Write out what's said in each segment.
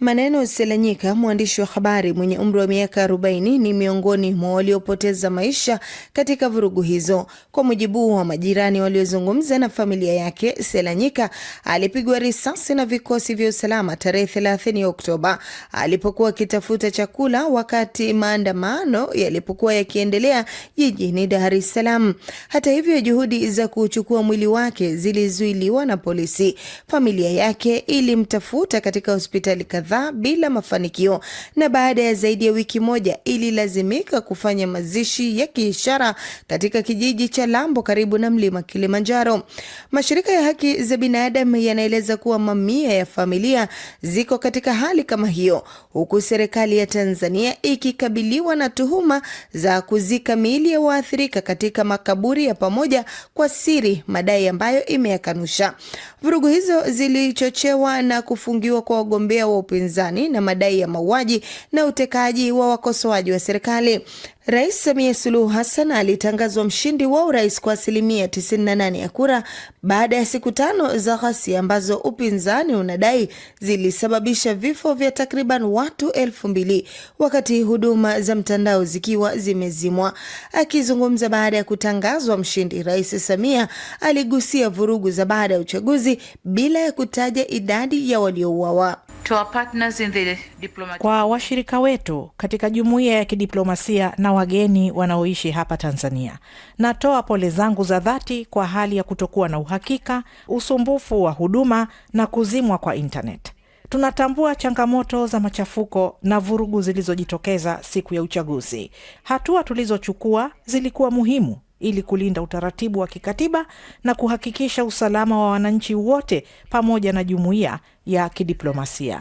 Maneno Selanyika, mwandishi wa habari mwenye umri wa miaka 40, ni miongoni mwa waliopoteza maisha katika vurugu hizo. Kwa mujibu wa majirani waliozungumza na familia yake, Selanyika alipigwa risasi na vikosi vya usalama tarehe 30 Oktoba alipokuwa akitafuta chakula wakati maandamano yalipokuwa yakiendelea jijini Dar es Salaam. Hata hivyo, juhudi za kuchukua mwili wake zilizuiliwa na polisi. Familia yake ilimtafuta katika hospitali kadhaa kadhaa bila mafanikio, na baada ya zaidi ya wiki moja ililazimika kufanya mazishi ya kiishara katika kijiji cha Lambo karibu na mlima Kilimanjaro. Mashirika ya haki za binadamu yanaeleza kuwa mamia ya familia ziko katika hali kama hiyo, huku serikali ya Tanzania ikikabiliwa na tuhuma za kuzika miili ya waathirika katika makaburi ya pamoja kwa siri, madai ambayo imeyakanusha. Vurugu hizo zilichochewa na kufungiwa kwa wagombea wa upi upinzani na madai ya mauaji na utekaji wa wakosoaji wa serikali. Rais Samia Suluhu Hassan alitangazwa mshindi wa urais kwa asilimia 98 ya kura baada ya siku tano za ghasia ambazo upinzani unadai zilisababisha vifo vya takriban watu elfu mbili wakati huduma za mtandao zikiwa zimezimwa. Akizungumza baada ya kutangazwa mshindi, Rais Samia aligusia vurugu za baada ya uchaguzi bila ya kutaja idadi ya waliouawa. Kwa washirika wetu katika jumuiya ya kidiplomasia na wageni wanaoishi hapa Tanzania. Natoa pole zangu za dhati kwa hali ya kutokuwa na uhakika, usumbufu wa huduma na kuzimwa kwa intnet Tunatambua changamoto za machafuko na vurugu zilizojitokeza siku ya uchaguzi. Hatua tulizochukua zilikuwa muhimu ili kulinda utaratibu wa kikatiba na kuhakikisha usalama wa wananchi wote pamoja na jumuiya ya kidiplomasia.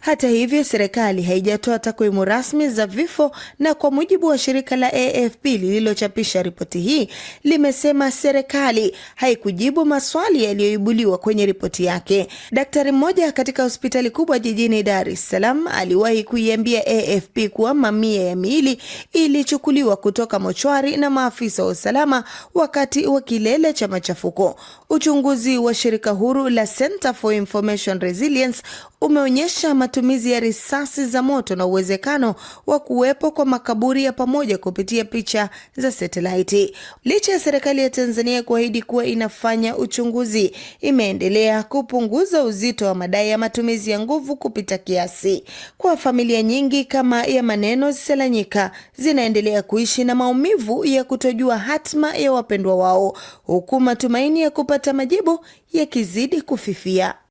Hata hivyo, serikali haijatoa takwimu rasmi za vifo, na kwa mujibu wa shirika la AFP lililochapisha ripoti hii, limesema serikali haikujibu maswali yaliyoibuliwa kwenye ripoti yake. Daktari mmoja katika hospitali kubwa jijini Dar es Salaam aliwahi kuiambia AFP kuwa mamia ya miili ilichukuliwa kutoka mochwari na maafisa wa usalama wakati wa kilele cha machafuko. Uchunguzi wa shirika huru la Center for Information Resilience umeonyesha matumizi ya risasi za moto na uwezekano wa kuwepo kwa makaburi ya pamoja kupitia picha za satelaiti. Licha ya serikali ya Tanzania kuahidi kuwa inafanya uchunguzi, imeendelea kupunguza uzito wa madai ya matumizi ya nguvu kupita kiasi. Kwa familia nyingi kama ya Maneno Selanyika zinaendelea kuishi na maumivu ya kutojua hatma ya wapendwa wao, huku matumaini ya kupata majibu yakizidi kufika. oficia